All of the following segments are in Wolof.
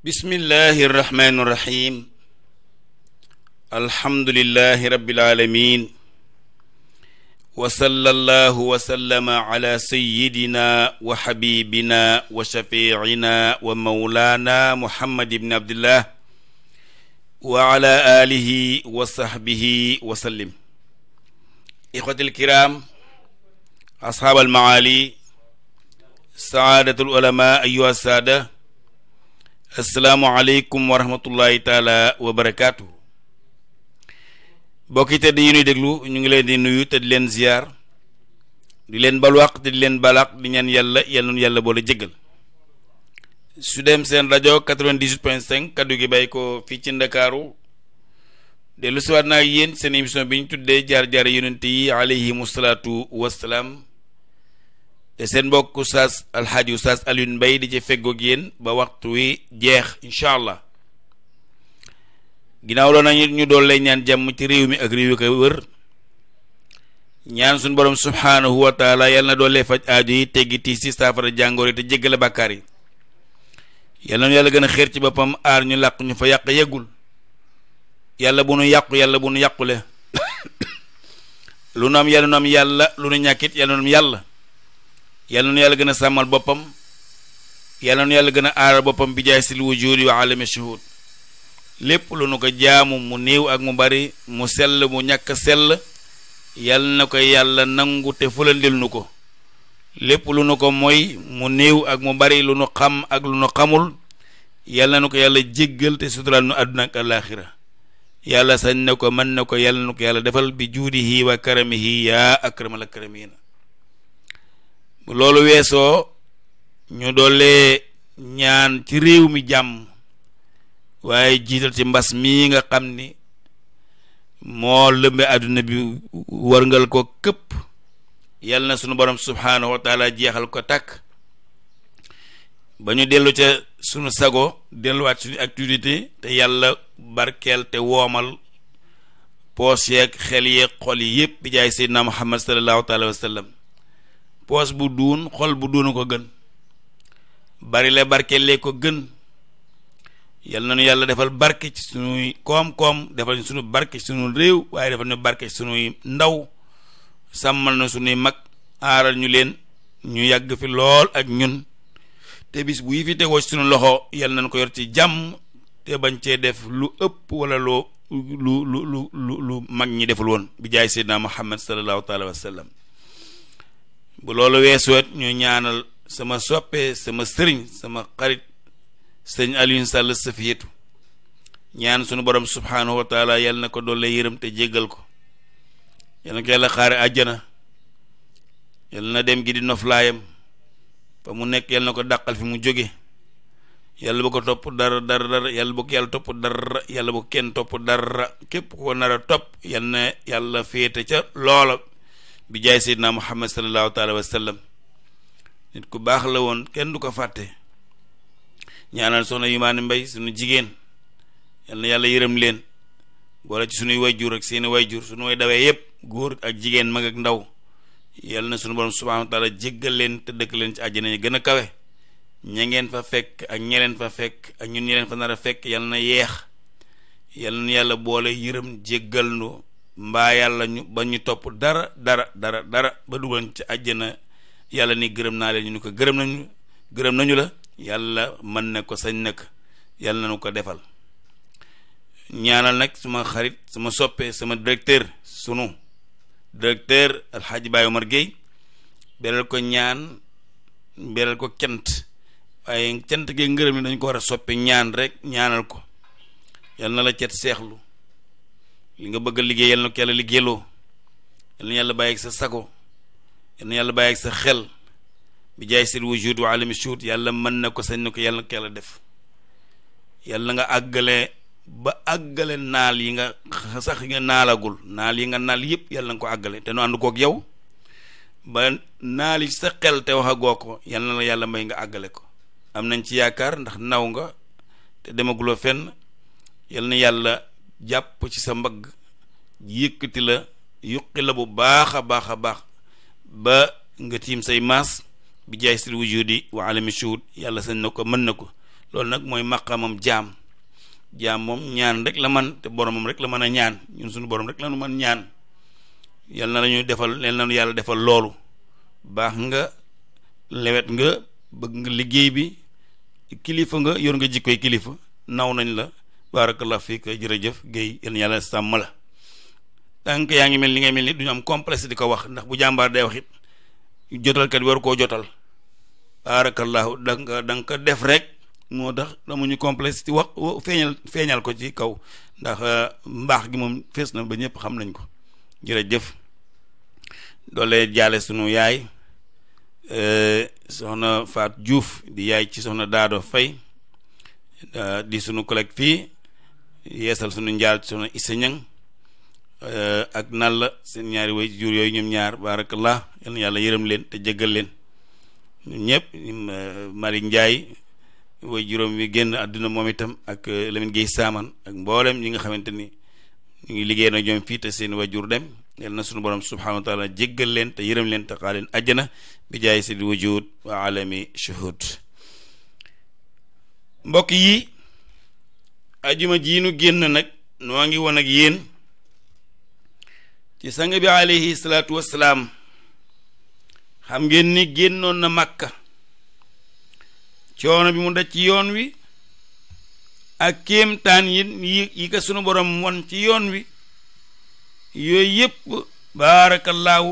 bismillahi irrahmani irrahim alhamdulilahi rabilalamin wasala allahu wasallama ala sayidina wa xabibina wa shafiina wa maulana muhammad ibni abdillah wa ala alihi wa sahbihi wa sallim ixwati alkiram asxaab almaali saadatul ulama ayuha saada asalaamualeykum wa rahmatullahi taala wa barakaatu. mbokk yi tedd yi nuy déglu ñu ngi leen di nuyu te di leen ziar di leen balwaq te di leen balaq di ñaan yàlla yal na yàlla boole jéggal su dem seen rajo 98.5 kaddu gi bàyyi ko fii ci ndakaaru dellu waat naa yéen seen émission bi ñu tuddee jaar-jaar yonent yi alayhimu salaatu wasalaam seen mbokk Oustaz Alxaaji saas Alioune Mbaye di ci feggoog yéen ba waxtu wi jeex incha allah ginnaaw loo nañu ñu dool lay ñaan jàmm ci réew mi ak réew yi wër ñaan suñu borom subhaanahu wa taala yàlla na doolee faj aajo yi teggi ci saafara jàngoor yi te jéggale bàkkaar yi yàlla na yàlla gën a xeer ci boppam aar ñu làq ñu fa yàq yeggul yàlla bu nu yàqu yàlla bu nu yàqule lu am yàlla nu am yàlla lu nu ñàkkit yàlla nu am yàlla yàlla nu yàlla gën a sàmmal boppam yàlla nu yàlla gën a aaral boppam bi jaay si wujudi wa alami shuhud lépp lu nu ko jaamu mu néew ak mu bari mu sell mu ñàkk sell yàlla na ko yàlla nangu te fulandil nu ko lépp lu nu ko mooy mu néew ak mu bari lu nu xam ak lu nu xamul yàlla na ko yàlla jéggal te suturaal nu àdduna ak alaaxira yàlla sañ na ko mën na ko yàlla na ko yàlla defal bi juudihi wa karamihi yaa akramal akramiina loolu weesoo ñu doolee ñaan ci réew mi jàmm waaye jiital ci mbas mii nga xam ni moo lëmbe àdduna bi warngal ko këpp yàlla na sunu borom subhaanahu wa jeexal ko takk ba ñu dellu ca sunu sago delluwaat suñu activité te yàlla barkeel te woomal poos yeeg xel yeeg xol yi yëpp bi jaay seydina muhammad sallallahu taala wa sallam poos bu duun xol bu duunu ko gën bari la barke le ko gën yal na nu yàlla defal barke ci sunuy koom-koom defal ñu sunu barke ci sunu réew waaye defal ñu barke ci sunuy ndaw sàmmal na sunuy mag aaral ñu leen ñu yàgg fi lool ak ñun te bis bu yi fi tegoo ci sunu loxo yal nañ ko yor ci jàmm te bañ cee def lu ëpp wala loo lu lu lu lu lu mag ñi deful woon bi jaay seydina muhammad sallallahu taala wa sallam bu loolu weesuwet ñu ñaanal sama soppe sama sëriñ sama xarit sëriñ Alioune Sall Safiyatu ñaan sunu borom subhaanahu wa na ko doole yërëm te jéggal ko yàlla na ko yàlla xaare àjjana yàlla na dem gi di noflaayam fa mu nekk yàlla na ko daqal fi mu jóge yàlla bu ko topp dara dara dara yàlla bu ko yàlla topp dara yàlla bu ko nar a topp yàlla na yàlla féete ca loola bi jaay seydina muhammad sallallahu taala wa sallam nit ku baax la woon kenn du ko fàtte ñaanal soxna yumaane Mbay sunu jigéen yal na yàlla yërëm leen boole ci way jur ak seeni wayjur suñu way dawee yépp góor ak jigéen mag ak ndaw yal na suñu borom subhaanahu wa taala leen te dëkk leen ci àjjana yi gën a kawe ña ngeen fa fekk ak ña fa fekk ak ñun ña fa nar fekk yal na yeex yal na yàlla boole yërëm jéggal nu mbaa yàlla ñu ba ñu topp dara dara dara dara ba dugal ci àjjana yàlla ni gërëm naa leen ñu ni ko gërëm nañu gërëm nañu la yàlla man na ko sañ na ko yàlla nañu ko defal ñaanal nag suma xarit suma soppee sama directeur sunu directeur alxaaji Baye Omar Gueye beral ko ñaan beral ko cant waaye cant gi ngërëm ni dañ ko war a soppee ñaan rek ñaanal ko yàlla na la cet seexlu li nga bëgg a liggéey yal na ko yàlla liggéeyloo yal na yàlla bàyyi ak sa sago yal na yàlla bàyyi ak sa xel bi jaay seen wujud wa alami shuut yàlla mën na ko sañ na ko yàlla na ko def yàlla nga àggale ba àggale naal yi nga sax naalagul naal yi nga naal yëpp yàlla nga ko te nu ànd kook yow ba naal yi sa xel te wax a goo ko yal na yàlla may nga àggale ko am nañ ci yaakaar ndax naw nga te demaguloo fenn yal na yàlla jàpp ci sa mbagg yëkkati la yuqi la bu baax a baax a baax ba nga tiim say maas bi jaay si wujudi waa alami shuhud yàlla sañ na ko mën na ko loolu nag mooy maqamam jaam jaam moom ñaan rek la man te boromam rek la mën a ñaan ñun suñu borom rek la nu mën ñaan yal na lañuy defal leen nañu yàlla defal loolu baax nga lewet nga bëgg nga liggéey bi kilifa nga yor nga jikkoy kilifa naw nañ la barakallahu fiik jërëjëf géey yéen yàlla sàmm la tànk yaa ngi mel ni ngay mel ni duñu am complexe di ko wax ndax bu jàmbaar day wax it jotalkat waru koo jotal barakallahu danga da nga ko def rek moo tax damuñu complexe ci wax feeñal feeñal ko ci kaw ndax euh, mbaax gi moom fees na ba ñëpp xam nañ ko jërëjëf doole jaale sunu yaay euh, soxna Faat Diouf di yaay ci soxna Daado Fay euh, di sunu collègue fii yeesal sunu njaal sunu isa ñang eh, ak la seen ñaari way jur yooyu ñoom ñaar baarakallah yal yàlla yërëm leen te jëggal leen ñun ñëpp eh, Malick Ndiaye way juróom wi génn àdduna moom itam ak eh, Lamine Guèye Saaman ak mboolem ñi nga xamante ni ñu ngi liggéey na ñoom fii te seen way jur dem yal na sunu borom subhanahu wa taala leen te yërëm leen te xaar leen bi jaay seen wujud wa alami shuhud mbokk yi ajuma jiinu génn nag noo ngi woon ak yéen ci sang bi aleyhi salaatu wassalaam xam ngeen ni génnoon na màkka coono bi mu daj ci yoon wi ak kéemtaan yi yi ko sunu boroom won ci yoon wi yooyu yépp baarakallaahu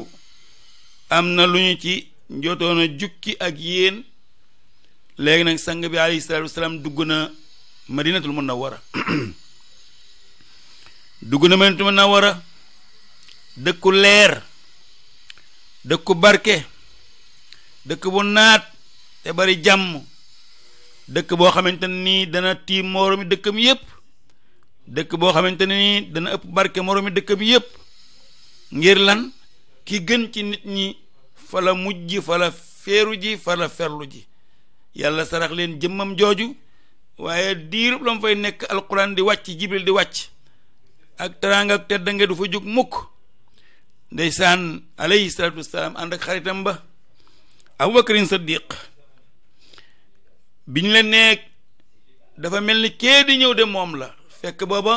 am na lu ñu ci njotoon a jukki ak yéen léegi nag sang bi aleyhi salaatu wassalaam dugg na ma mën a munawwara dugg na madinatul munawwara dëkku leer dëkku barke dëkk bu naat te bari jàmm dëkk boo xamante nii dana tiim moroomi dëkkam yépp dëkk boo xamante ne nii dana ëpp barke moroomi dëkkam yépp ngir lan ki gën ci nit ñi fala mujj fala feeru ji fala ferlu ji yàlla sarax leen jëmmam jooju waaye diirub la mu fay nekk alquran di wàcc jibril di wàcc ak teraanga ak tedd nga du fa jóg mukk ndeysaan alayhi salaatu wasalaam ànd ak xaritam ba abubakarin saddiq bi ñu leen dafa mel ni kee di ñëw de moom la fekk booba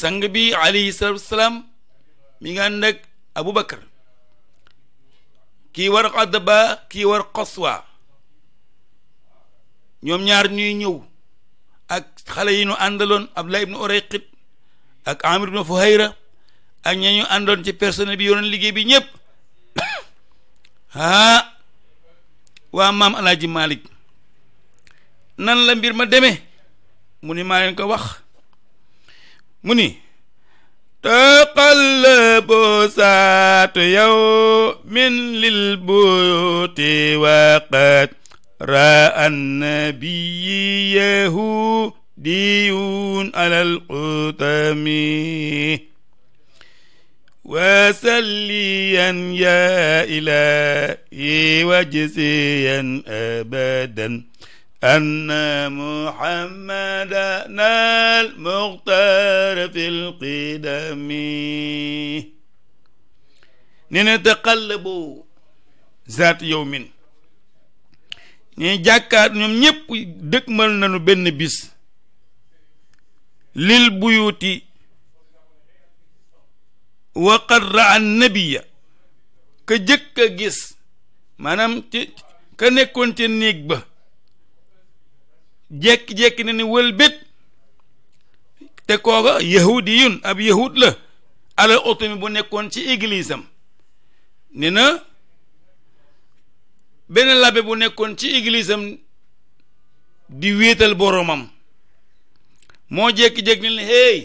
sang bi alayhi salaatu wasalaam mi nga ànd ak abubakar kii war xadaba kii war xoswa ñoom ñaar ñuy ñëw ak xale yi ñu àndaloon Abdullah ibnu Urayqit ak Amir ibnu Fuhayra ak ña ñu àndoon ci personnel bi yoroon liggéey bi ñëpp ah waa maam Alaaji Malik nan la mbir ma demee mu ni maa leen ko wax mu ni تقلب ساعة يوم للبيوت وقد راى النبي يهودي على القطم وسليا يا إلهي وجزيا أبدا أن محمدا المختار في القدم نتقلب ذات يوم ñuy jàkkaat ñoom ñépp dëkkmal nañu benn bis lil buyuti wa qad raa nabiya ka jëkk a gis maanaam ci ka nekkoon ca néeg ba jékki-jékki na ni wëlbét te kooka yahudiyun ab yahud la ala oto bu nekkoon ci église am benn labbe bu nekkoon ci église am di wéetal boromam moo jékki-jékki ne hey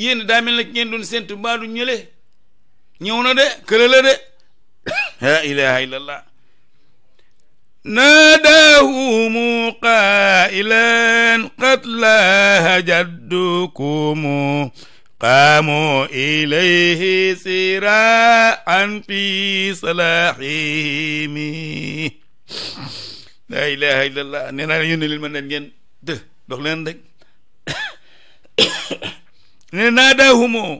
yéen daa mel ne ngeen doon séntu baadu ñële ñëw na de kële la de la ilaha illallah naadaahu qaa'ilan qad laaha jaddukum qaamu ilayhi siraan fi salahimi laa ilaha illa allah nee naa leen yónni leen ma nen ngeen dë dox leen rek ne naadaahumoo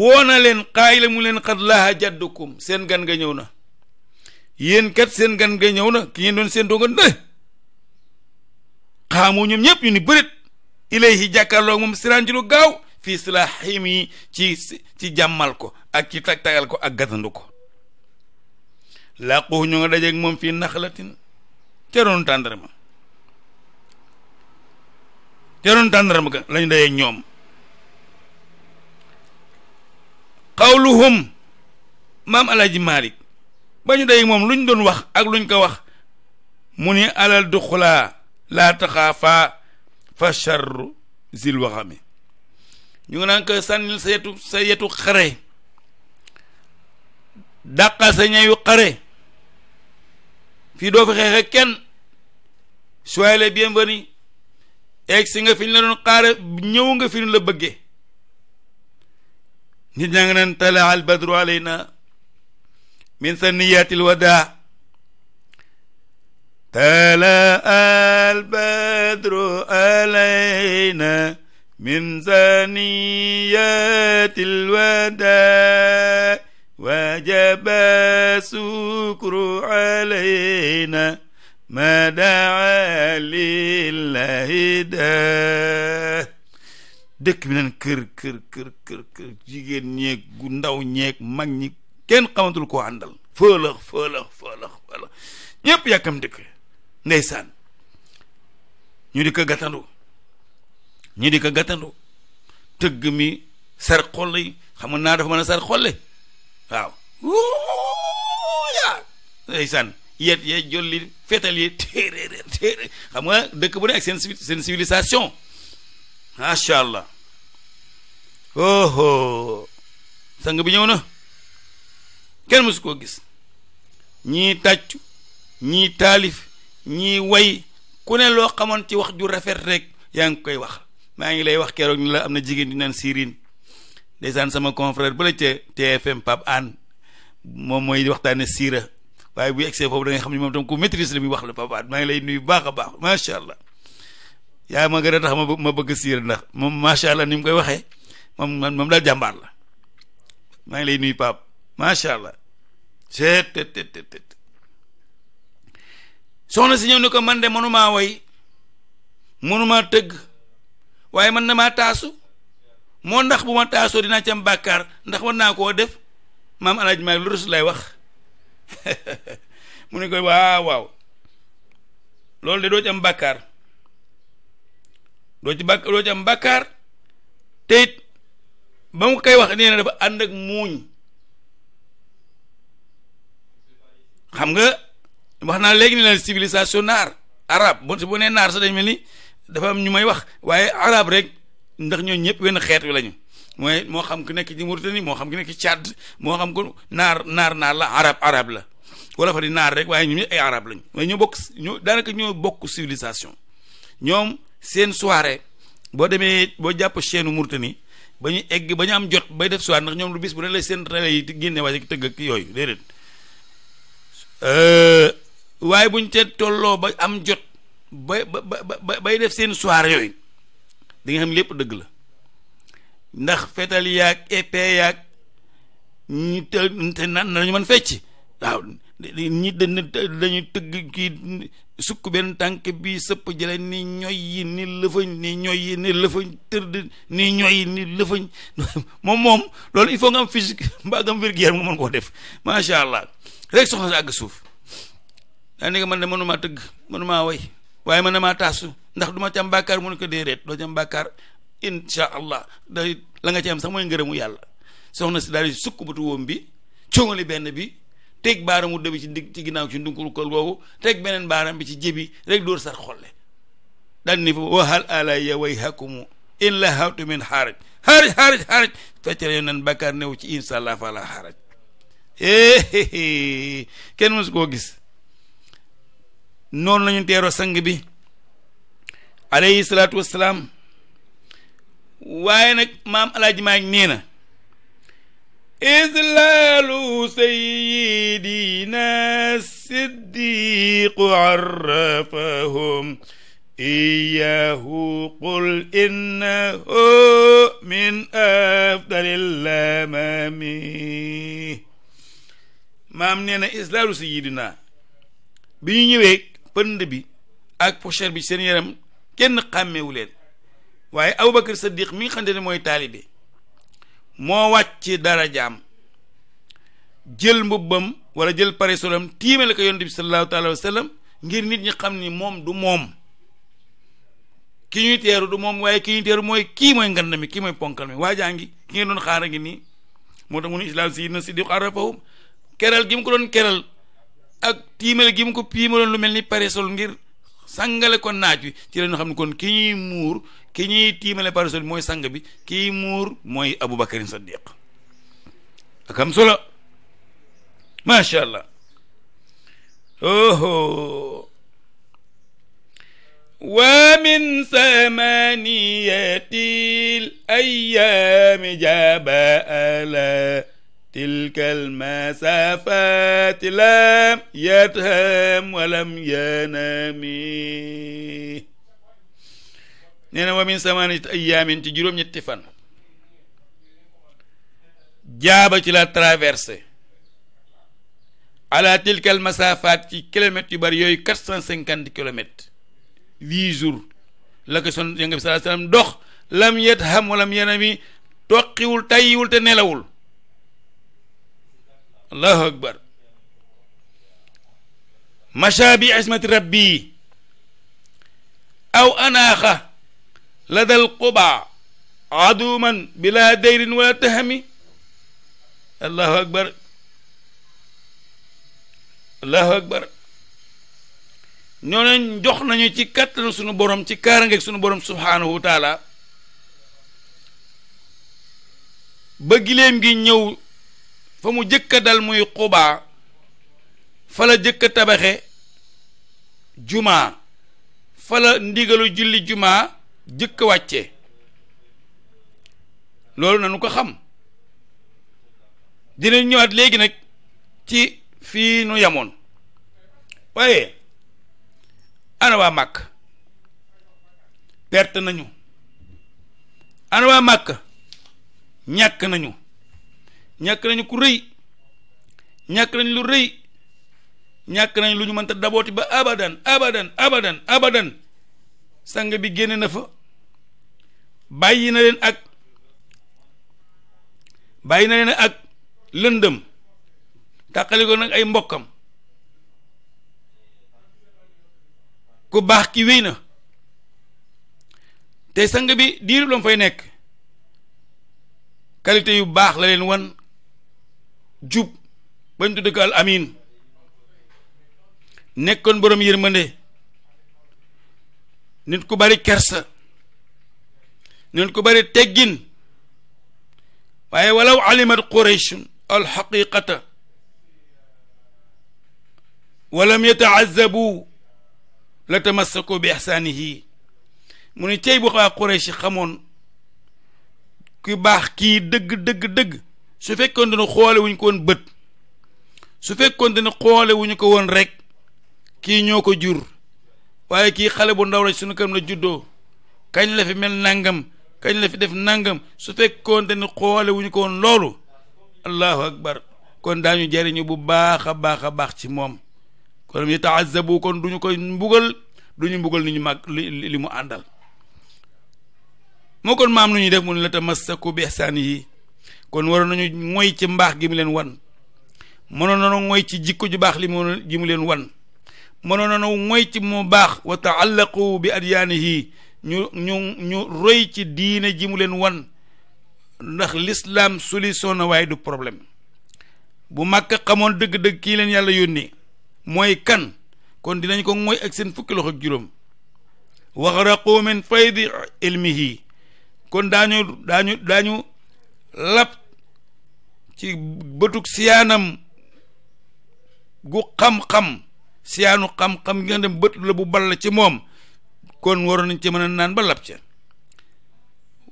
woona leen qaayila mu leen xad laaha jaddukum seen gan ga ñëw na yéen kat seen gan ga ñëw na ki ngeen doon seen doonga dë xaamu ñoom ñëpp ñu ni bërit ilayhi jàkkaarloo moom siraan ci lu gaaw fii silaaxim yi ci ci jàmmal ko ak ci tag ko ak gatandu ko làqu ñu nga dajeeg moom fii naxlatin teroon tàndarma teroon tàndarma ka lañu dajeeg ñoom qawluhum maam alaji malik ba ñu dajeeg moom luñ doon wax ak luñ ko wax mu ni alal duxulaa laa taxaafaa fa charru zil waxami ñu ngi naan ko sànnil sa yetu sa yetu xare dàqal sa ñayu xare fi xeex ak kenn soyez les bienvenus egg si nga fi ñu la doon xaare ñëw nga fi ñu la bëggee nit ñaa ngi naan talaa al badru alayna min sanniyatil wadaa tala albadru alayna min zaniyati alwada wajaba sukru alayna ma daa lillahi da dëkk bi naan kër kër kër kër kër jigéen ñeeg gu ndaw ñeeg mag ñi kenn xamatul koo àndal fëlëx fëlëx fëlëx fëlëx ñëpp yàkkam dëkk ndeysaan ñu di ko gàttandu ñu di ko gàttandu tëgg mi sar xolle xam nga naa dafa mën a sar xolle waaw yaa ndeysaan yet ye jolli feetal yi téeréer téeréer xam nga dëkk bu ne ak seen seen macha allah oho sang bi ñëw na kenn mësu koo gis ñii tàccu ñii taalif ñi way ku ne loo xamoon ci wax ju rafet rek yaa ngi koy wax maa ngi lay wax keroog ni la am na jigéen di siirin Sirine ndeysaan sama confrère ba la ca TFM Pape Anne moom mooy waxtaane siira waaye bu egsee foofu da xam ne moom tam ku maîtrise la muy wax la Pape Anne maa ngi lay nuyu baax a baax macha allah yaa ma gën a tax ma ma bëgg siira ndax moom macha allah ni mu koy waxee moom man moom daal jàmbaar la maa ngi lay nuyu Pape macha allah. soxna si ñëw ni ko man de mënumaa woy mënumaa tëgg waaye man na maa taasu moo ndax bu ma taasoo dinaa ci am bàkkaar ndax war naa koo def maam alaaj maay lu rus lay wax mu ne koy waaw waaw loolu de doo ci am bàkkaar doo ci bàkk doo ci ba mu koy wax nee na dafa ànd ak muuñ xam nga wax naa léegi ne leen civilisation naar arab bu bu nee naar sa dañ mel ni dafa am ñu may wax waaye arab rek ndax ñoo ñëpp wenn xeet wi lañu mooy moo xam ku nekk ci Mauritanie moo xam ku nekk ci moo xam ku naar naar naar la arab arab la wala fa di naar rek waaye ñu ay arab lañu waaye ñu bokk ñoo daanaka ñoo bokk civilisation ñoom seen soirée boo demee boo jàpp chaîne Mauritanie ba ñu egg ba ñu am jot bay def soirée ndax ñoom lu bis bu ne lay seen relais yi génne waa tëgg ak yooyu déedéet euh, waaye buñ te tolloo ba am jot ba ba ba bay def seen soirée yooyu di nga lépp dëgg la ndax fetal yaag épée yaag ñi te nan nañu mën fecc waaw ñi dañ dañu tëgg kii sukk benn tànk bi sëpp jële ni ñoy yi ni lëfañ ni ñoy yi ni lëfañ tëdd ni ñoy ni lëfañ moom moom loolu il faut nga am physique mbaa wér-gu-yaram nga mën koo def macha allah rek soxna si àgg suuf daa ne man de mënumaa tëgg mënumaa way waaye mën na maa taasu ndax duma ma ci am bàkkaar mu ne ko doo ci am bàkkaar insha allah day la nga ci am sax mooy ngërëmu yàlla soxna si daal di sukk batu wóom bi coŋali benn bi teg baaramu dëbi ci digg ci ginnaaw ci ndunkul kol boobu teg beneen baaram bi ci jébi rek door sar xolle daal ni fa wa hal alaya wayhakumu in la hawtu min xaaraj xaaraj xaaraj xaaraj feccale yoon ci insha allah eh, kenn mësu koo gis noonu lañu teeroo sang bi alayhi salaatu wassalaam waaye nag maam alaaji maag nee na islaalu sayidina siddiqu arrafahum iyahu qul innahu min afdalil amami maam nee islaalu sayidina bi ñu ñëwee pënd bi ak poussière bi seen yaram kenn xàmmewu leen waaye Aboubacar Saddiq mi nga xam ne mooy taalibe moo wàcc darajaam jël mbubbam wala jël pare solam tiimale ko yonent bi sallallahu nit ñi xam ni moom du moom ki ñuy teeru du moom waaye ki ñuy teeru mooy kii mooy ngand mi kii mooy ponkal mi waa ngi ki ngeen doon xaar ngi nii moo tax mu islaam si na si di keral gi mu ko doon keral ak tiimale gi mu ko piimaloon lu mel ni parasol ngir sangale ko naaj wi ci la ñu xam ne kon ki ñuy muur ki ñuy tiimale parasol mooy sang bi kiy muur mooy Abubakarin Saddiq ak am solo macha allah wa min samaniyati l ayami تلك المسافات لم يتهم ولم ينام nee na wa min samaaniyati ayaamin ci juróom-ñetti fan jaaba ci la traversée ala tilka masaafaat ci kilomètres yu bari yooyu quatre cent cinquante kilomètres huit jours la ko son yonent bi sallallahu walam yenami toqiwul tayyiwul te nelawul allahu akbar macha bi ismati rabbi aw anaaxa la dal quba aduman bila dayrin wala tahami allahu akbar allahu akbar ñoo ne jox nañu ci kàttanu sunu borom ci kaarangeeg sunu borom subhaanahu wa taala ba giléem gi ñëw fa mu jëkk a dal muy xubaa fa jëkk tabaxe jumaa fa la ndigalu julli jumaa jëkk wàcce loolu na nu ko xam dina ñëwaat léegi nag ci fii nu yamoon waaye ana waa màkk perte nañu ana waa màkk ñàkk nañu ñàkk nañu ku rëy ñàkk nañ lu rëy ñàkk nañ lu ñu mënta dabooti ba abadan abadan abadan abadan sang bi génne na fa bàyyi na leen ak bàyyi na leen ak lëndëm tàqali ko nag ay mbokkam ku baax ki wéy na te sang bi diiru lam fay nekk qualité yu baax la leen wan jub bañ tudd al amin nekkoon boroom yërmande nit ku bari kersa nit ku bari teggin waaye walaw alimat qurayshun alxaqiqata walam yataazabu la tamassaku bi ihsaanihi mu ne cey bu waa quraysh xamoon ku baax kii dëgg dëgg dëgg su fekkoon ne xoole wuñ ko woon bët su fekkoon ne xoole ko woon rekk kii ñoo ko jur waaye kii xale bu ndaw la suñu kanam la juddoo kañ la fi mel nangam kañ la fi def nangam su fekkoon ne xoole wuñu ko woon loolu allahu akbar kon daañu jariñu bu baax a baax a baax ci moom kon yataazabu kon duñu koy mbugal duñu mbugal ni ñu mag li mu àndal moo kon maam lu ñu def mu ne la tamassaku bi ihsaan yi kon waroon nañu moy ci mbaax gi mu leen wan mënoon nañu moy ci jikko ju baax li mu ji leen wan mënoon nañu moy ci mu baax wa taallaqu bi adyaanihi ñu ñu ñu roy ci diine ji mu leen wan ndax l'islam solution na waaye du problème bu màkk xamoon dëgg-dëgg kii leen yàlla ni mooy kan kon dinañ ko mooy ak seen fukki loxo ak juróom waxraqu min faydi ilmihi kon daañu daañu daañu lap ci bëtug siyaanam gu xam-xam siyaanu xam-xam nga dem bët bu balla ci moom kon waroon nañ ci mën a naan ba lab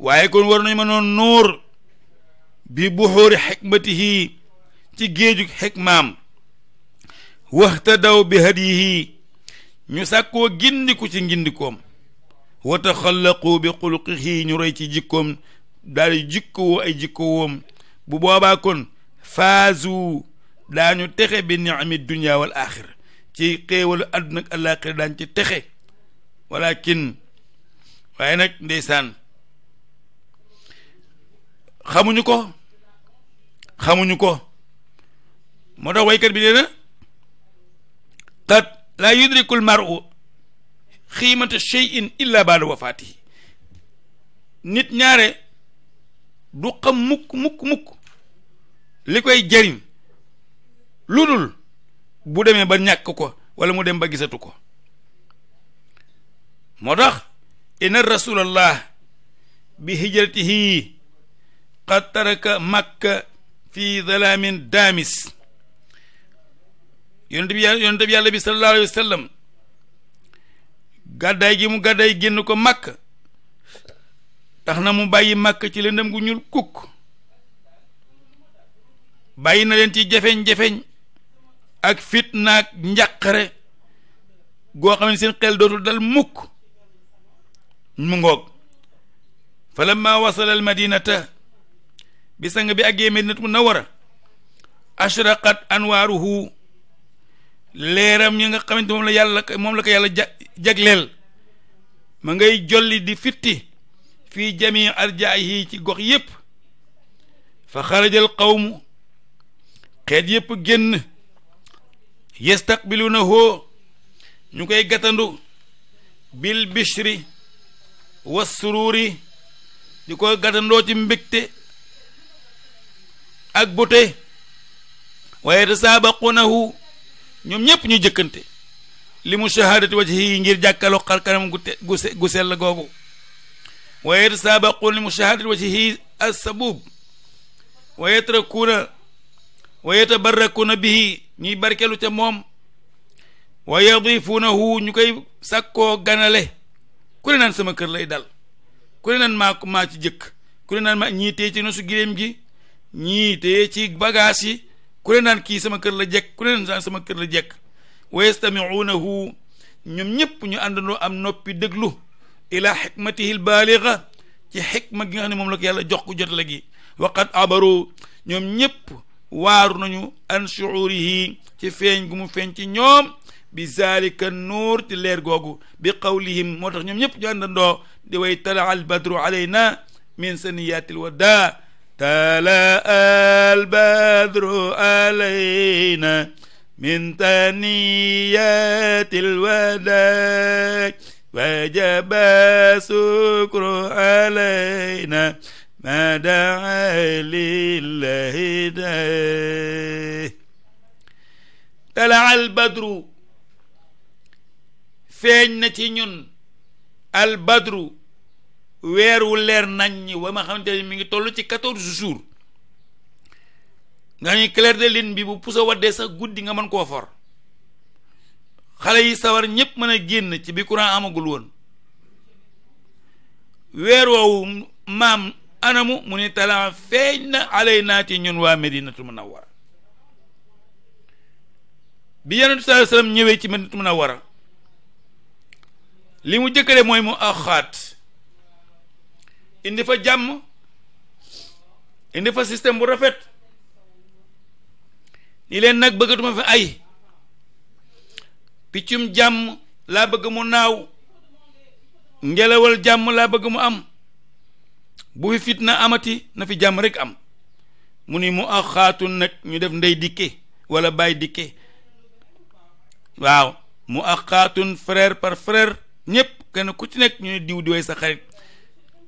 waaye kon waroon nañ mënoon nuur bi buxuuri xikmatihi ci géejug xikmaam daw bi hadiyihi ñu sàkkoo gindiku ci gindikoom wa taxallaqu bi xuluqihi ñu roy ci jikkoom daal di ay jikkowoom bu boobaa kon faazu daañu texe bi niami dunia wal axira àdduna ak àllaaxira ci texe walakin waaye nag ndeysaan xamuñu ko xamuñu ko moo tax waykat bi nee na qad laa yudriku l maru xiimata cheyin illa baada wafaatihi nit ñaare du xam mukk mukk li koy jëriñ lu dul bu demee ba ñàkk ko wala mu dem ba gisatu ko moo tax inna rasulallah bi hijratihi qad taraka makka fi dalaamin daamis yonente bi yonente bi yàlla bi sallallahu alayhi wa gàddaay gi mu gàddaay génn ko màkk tax na mu bàyyi màkk ci lëndëm gu ñuul kukk bàyyi na leen ci jafeñ-jafeñ ak fitnaak njàqare goo xam ne seen xel dootul dal mukk mu ngoog fa lamma wasala madinata bi sang bi àggee madinatu munawara ashraqat anwaaruhu leeram yi nga xamante moom la yàlla moom la ko yàlla jagleel ma ngay jolli di fitti fi jamii arjaayihi ci gox yépp fa xaraja al xeet yépp génn yestaqbilunahu ñu koy gatandu bil bishri wa sururi di ko gatandoo ci mbégte ak bote wa yatasaabaqunahu ñoom ñépp ñu jëkkante li mu shahadati wajhi ngir jàkkaloo xarkanam gu sell googu wa yatasaabaquna li mu shahadati wajhi asabub wa yatrakuuna wa yatabarrakuuna bihi ñuy barkelu ca moom wa yadifuunahu ñu koy sakkoo ganale ku ne naan sama kër lay dal ku ne naan maa maa jëkk ku ne naan ma ñii téye ci nosu giléem gi ñii téye ci bagage yi ku ne naan kii sama kër la jëkk ku ne naan sama kër la jekk wa yastamiuunahu ñoom ñëpp ñu àndandoo am noppi déglu ila xikmatihi lbaaliga ci xikma gi nga xam moom la ko yàlla jox ku jotale gi waqad abaru ñoom ñëpp waaru nañu an shuurihi ci feeñ gu mu feeñ ci ñoom bi zalika nuur ci leer googu bi qawlihim moo tax ñoom ñëpp ñu àndandoo di way tala albadru alayna min saniyaatil wadda tala albadru alayna min saniyaatil wadda wajaba sukru alayna ما دعا لله داه طلع البدر feeñ na ci ñun al badru weer wu leer nañ wa ma xamante ne mi ngi toll ci quatorze jour nga ñu clair de lune bi bu puso waddee sax guddi nga mën koo for xale yi sawar ñëpp mën a génn ci bi courant amagul woon weer woowu maam anamu mu ni talaa feeñ na alay naa ci ñun waa medinatu munawara bi yonent sallallahu alayhi wasallam ñëwee ci medinatu munawara li mu jëkkëre mooy mu axaat indi fa jàmm indi fa système bu rafet ni leen nag bëggatuma fi ay piccum jàmm laa bëgg mu naaw ngelawal jàmm laa bëgg mu am bu fi fitna amati na fi jàmm am mu ni mu axaatun nag ñu def ndey dikke wala baay dikke waaw mu axaatun frère par frère ñëpp kenn ku ci nekk ñu ne diw sa xarit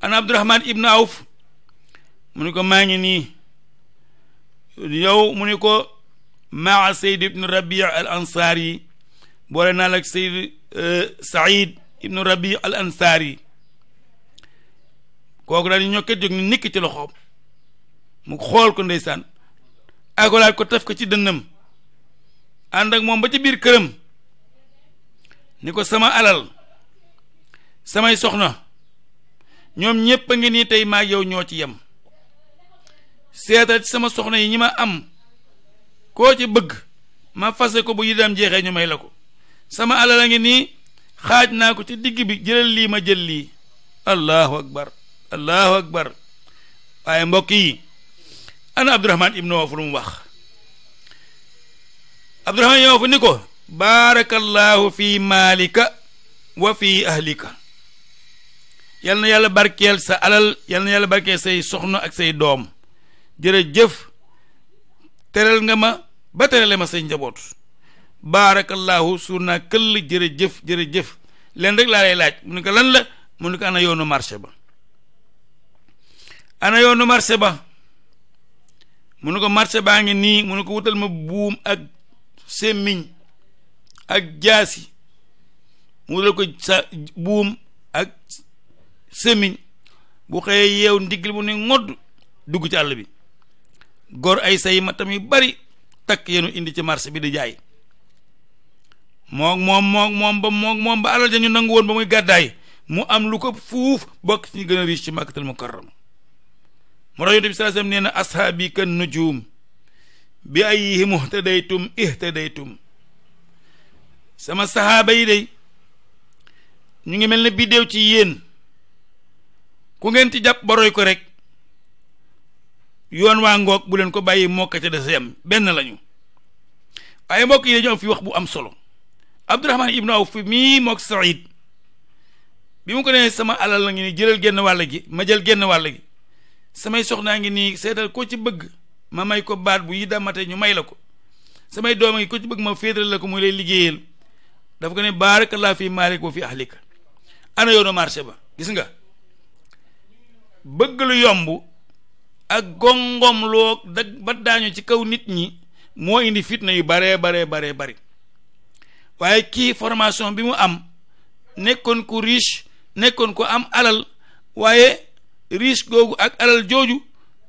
ana abdurahman ibn awf mu ni ko maa ngi nii yow mu ni ko maa sayd ibnu rabi al boole naa la ak sayd euh, saïd ibnu rabi kooku daal ñoo ñokket jóg ni nikk ci loxoom mu xool ko ndeysaan agolaat ko taf ko ci dënnam ànd ak moom ba ci biir këram ni ko sama alal samay soxna ñoom ñépp a ngi nii tey maa yow ñoo ci yem seetal ci sama soxna yi ñi ma am koo ci bëgg ma fase ko bu yidaam jeexee ñu may la ko sama alal a ngi nii xaaj naa ko ci digg bi jëlal lii ma jël lii allahu akbar allahu akbar waaye mbokk yi ana abdurahman ibnu Awf lu mu wax abdurahman ibnu Awf ni ko baarakallahu fi maalika wa fi ahlika yal na yàlla barkeel sa alal yal na yàlla barkeel say soxna ak say doom jërëjëf teral nga ma ba terale ma say njaboot baarakallahu suuna këll jërëjëf jërëjëf leen rek laa lay laaj mu ne ko lan la mu ne ko ana yoonu marché ba ana yoonu marché ba mu ne ko marché baa ngi nii mu ne ko wutal ma buum ak semmiñ ak jaasi mu wutal ko sa buum ak semmiñ bu xëyee yeew ndigil mu ne ngodd dugg ci àll bi gor ay say matam yu bari takk yeenu indi ci marché bi di jaay moom moom moom moom ba moom moom ba alal ñu nangu woon ba muy gàddaay mu am lu ko fuuf bokk ci gën a riche ci màkkatal mukarram moo tax yonent bi sallallahu alayhi wasallam kën na ashaabi kan nujum bi ayyihi muhtadaytum ihtadaytum sama sahaaba yi day ñu ngi mel ne biddéew ci yéen ku ngeen ci jàpp baroy ko rek yoon waa ngoog bu leen ko bàyyi mokka ca dese benn lañu waaye mbokk yi dañu am fi wax bu am solo abdurahman ibnu awf mii mook saïd bi mu ko nee sama alal la ngi ne jëlal genn wàll gi ma jël genn wàll gi samay soxnaa ngi nii seetal ko ci bëgg ma may ko baat bu yi damate ñu may la ko samay doom ngi ko ci bëgg ma féetale la ko muy lay liggéeyal daf ko ne baarakallaa fi maalik wa fi ahlik ana yoonu marché ba gis nga bëgg lu yomb ak gom gongom loo dag ba daañu ci kaw nit ñi moo indi fitna yu baree baree baree bari waaye kii formation bi mu am nekkoon ku riche nekkoon ko am alal waaye riche googu ak alal jooju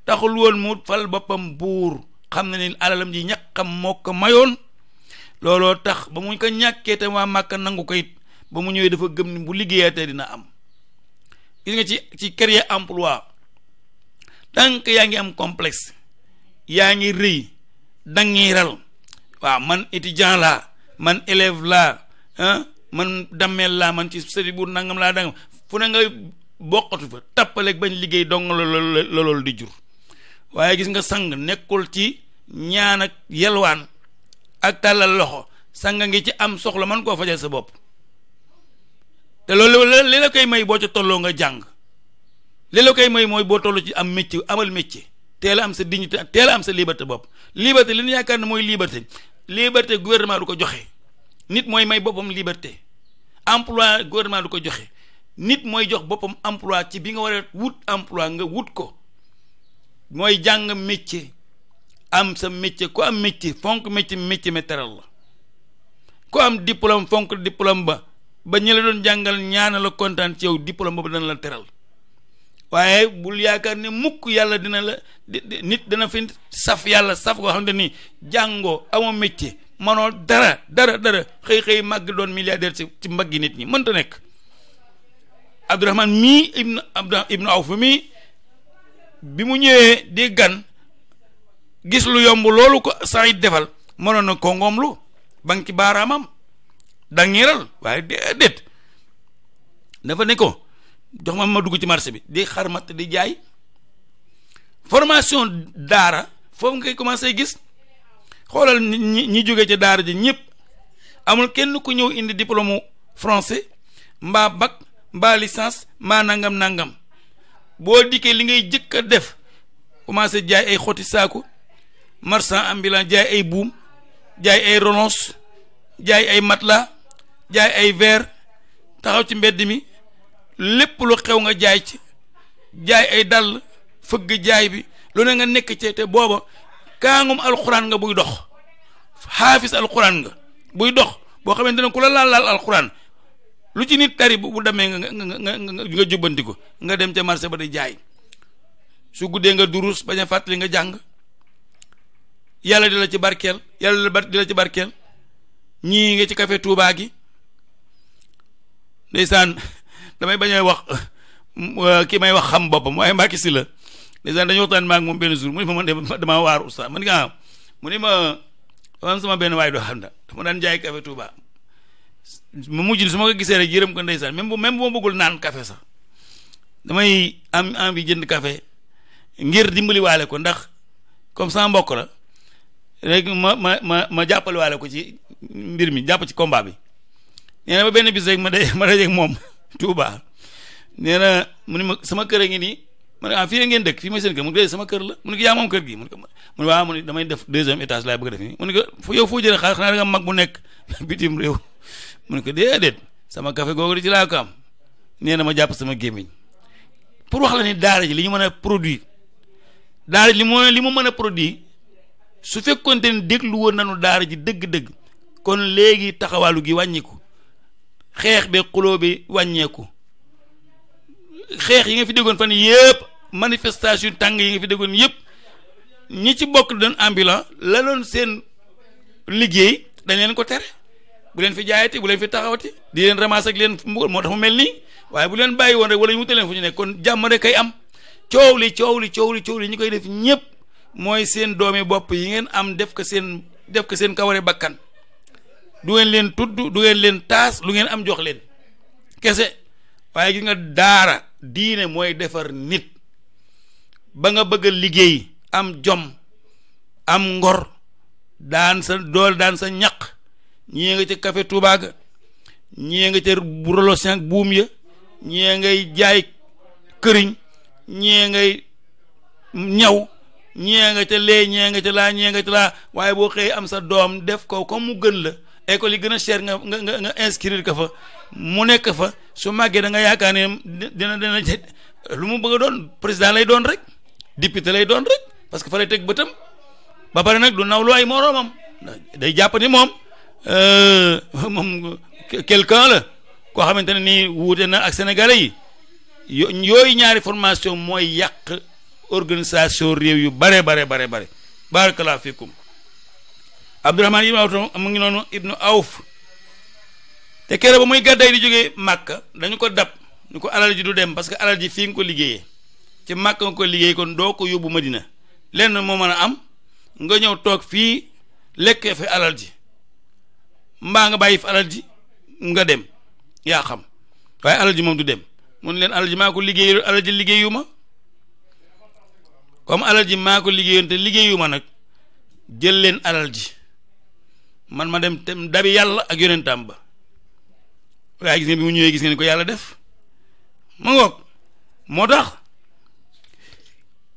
taxul woon mu fal boppam buur xam na ni alalam ji ñàkkam moo ko mayoon looloo tax ba mu ko ñàkkee te waa Màkka nangu ko it ba mu ñëwee dafa gëm ni bu liggéeyaatee dina am gis nga ci ci créer emploi donc yaa ngi am complexe yaa ngi rëy dangiral waaw man étudiant laa man élève laa ah, man dammeel laa man ci sëriñ nangam laa dangam fu ne boqatu fa tappaleeg bañ liggéey dong la loolu di jur waaye gis nga sang nekkul ci ñaan ak yelwaan ak tàllal loxo sang ngi ci am soxla man koo fajal sa bopp te loolu li la koy may boo ca tolloo nga jàng li la koy may mooy boo toll ci am métier amal métier teel am sa dignité teel a am sa liberté bopp liberté li ñu yaakaar ne mooy liberté liberté gouvernement du ko joxe nit mooy may boppam liberté emploi gouvernement du ko joxe nit mooy jox boppam emploi ci bi nga war wut emploi nga wut ko mooy jàng métier am sa métier ku am métier fonk métier métier teral la ku am diplôme fonk diplôme ba ba ñi la doon jàngal ñaana la kontaan ci yow diplôme ba dana la teral waaye bul yaakaar ne mukk yàlla dina la nit dana fi saf yàlla saf koo xam ne ni jàngoo a métier manoo dara dara dara xëy xëy màgg doon milliardaire ci ci mbaggi nit ñi mënta nekk Abdourahman mii ibnu ibnu Awf mii bi mu ñëwee di gan gis lu yomb loolu ko Saïd defal mënoon na ko ngoom lu banki baaraamam dangiral waaye déedéet dafa ne ko jox ma dugg ci marché bi di matt di jaay formation daara foofu ngay commencé gis xoolal ñi ñi jóge ci daara ji ñëpp amul kenn ku ñëw indi diplôme français mbaa bac mbaa licence mbaa nangam nangam boo dikkee li ngay jëkk a def commencé jaay ay xoti saako marchand ambulant jaay ay buum jaay ay ronos jaay ay matelas jaay ay weer taxaw ci mbedd mi lépp lu xew nga jaay ci jaay ay dàll fëgg jaay bi lu ne nga nekk ci te booba kaangum alxuraan nga buy dox xaafis alxuraan nga buy dox boo xamante ne ku la laal laal alxuraan lu ci nit tari bu bu demee nga nga nga jubbanti nga dem ca marché ba di jaay su guddee nga durus bañ a fàttali nga jàng yàlla di la ci barkeel yàlla di la ci barkeel ñii nga ci kafe Touba gi ndeysaan damay bañ a wax ki may wax xam boppam waaye Mbacké Sylla ndeysaan dañu waxtaan ma ak moom benn jour mu ne ma man de damaa waar oustaz man nga ah, mu ne ma am sama benn waay doo xam ne daan jaay café Touba mu mujj su ma giseere gisee rek yërëm ko ndeysaan même bu même bu ma naan café sax damay am envie jënd café ngir dimbali waale ko ndax comme sama mbokk la rek ma ma ma ma jàppale waale ko ci mbir mi jàpp ci komba bi nee na ba benn bis rek ma de ma dajeeg moom Touba nee na mu ne ma sama kër a ngi nii ma ne ah fii ngeen dëkk fii mooy seen kër mu sama kër la mu ne ko yaa moom kër gi mu ne ko mu ne waaw mu ne damay deuxième étage laay bëgg def nii mu ne ko yow foo jëlee xaalis mag bu nekk bitim réew mu ne ko déedéet sama café googu di ci laa ko am nee na ma jàpp sama gémmiñ pour wax la ni daara ji li ñu mën a produire daara ji li mu mën a produire su fekkonte ni déglu woon nañu daara ji dëgg-dëgg kon léegi taxawalu gi wàññiku xeex bi xuloo bi wàññeeku xeex yi nga fi déggoon fan yëpp manifestation tàng yi nga fi déggoon yëpp ñi ci bokk doon ambulant la doon seen liggéey dañ leen ko tere bu leen fi jaayati bu leen fi taxawati di leen ramasse ak leen mbugal moo tax mu mel nii waaye bu leen bàyyi woon rek wala ñu wute leen fu ñu nekk kon jàmm rek kay am coow li coow li coow li coow li ñu koy def ñëpp mooy seen doomi bopp yi ngeen am def ko seen def ko seen kaware bakkan du ngeen leen tudd du ngeen leen taas lu ngeen am jox leen kese waaye gis nga daara diine mooy defar nit ba nga bëgg a liggéey am jom am ngor daan sa dool daan sa ñaq ñii nga ca café Touba ga nga ca rolo cinq buum ya ñii ngay jaay këriñ ñii ngay ñaw ñii nga ca lee ñii nga ca laa ñee nga ca laa waaye boo xëyee am sa doom def ko comme mu gën la école yi gën a cher nga nga nga nga inscrire ko fa mu nekk fa su màggee da nga yaakaar ne dina dina lu mu bëgg doon président lay doon rek député lay doon rek parce que fa lay teg bëtam ba pare nag du nawlu ay moroomam day jàpp moom Euh, moom quelqu'un la koo xamante ne nii wuute na ak sénégalais yi yooyu ñaari formation mooy yàq organisation réew yu bare bare bare bare barakallahu fikum abdourahman ibnu awf mu ngi noonu ibnu awf te kere ba muy gàddaay di jóge màkka dañu ko dab ñu ko alal ji du dem parce que alal ji fii nga ko liggéeyee ci màkka nga ko liggéey kon doo ko yóbbu ma madina lenn moo mën a am nga ñëw toog fii lekk fi alal ji mbaa nga bàyyi fi alal nga dem yaa xam waaye alal ji moom du dem mun leen alal ji maa ko liggéey alal ji liggéeyu ma ji maa ko liggéeyoon te liggéeyu ma nag jël leen alal ji man ma dem tem dabi yàlla ak yonentam ba waaye gis ngeen bi mu ñëwee gis ngeen ko yàlla def ma ngoog moo tax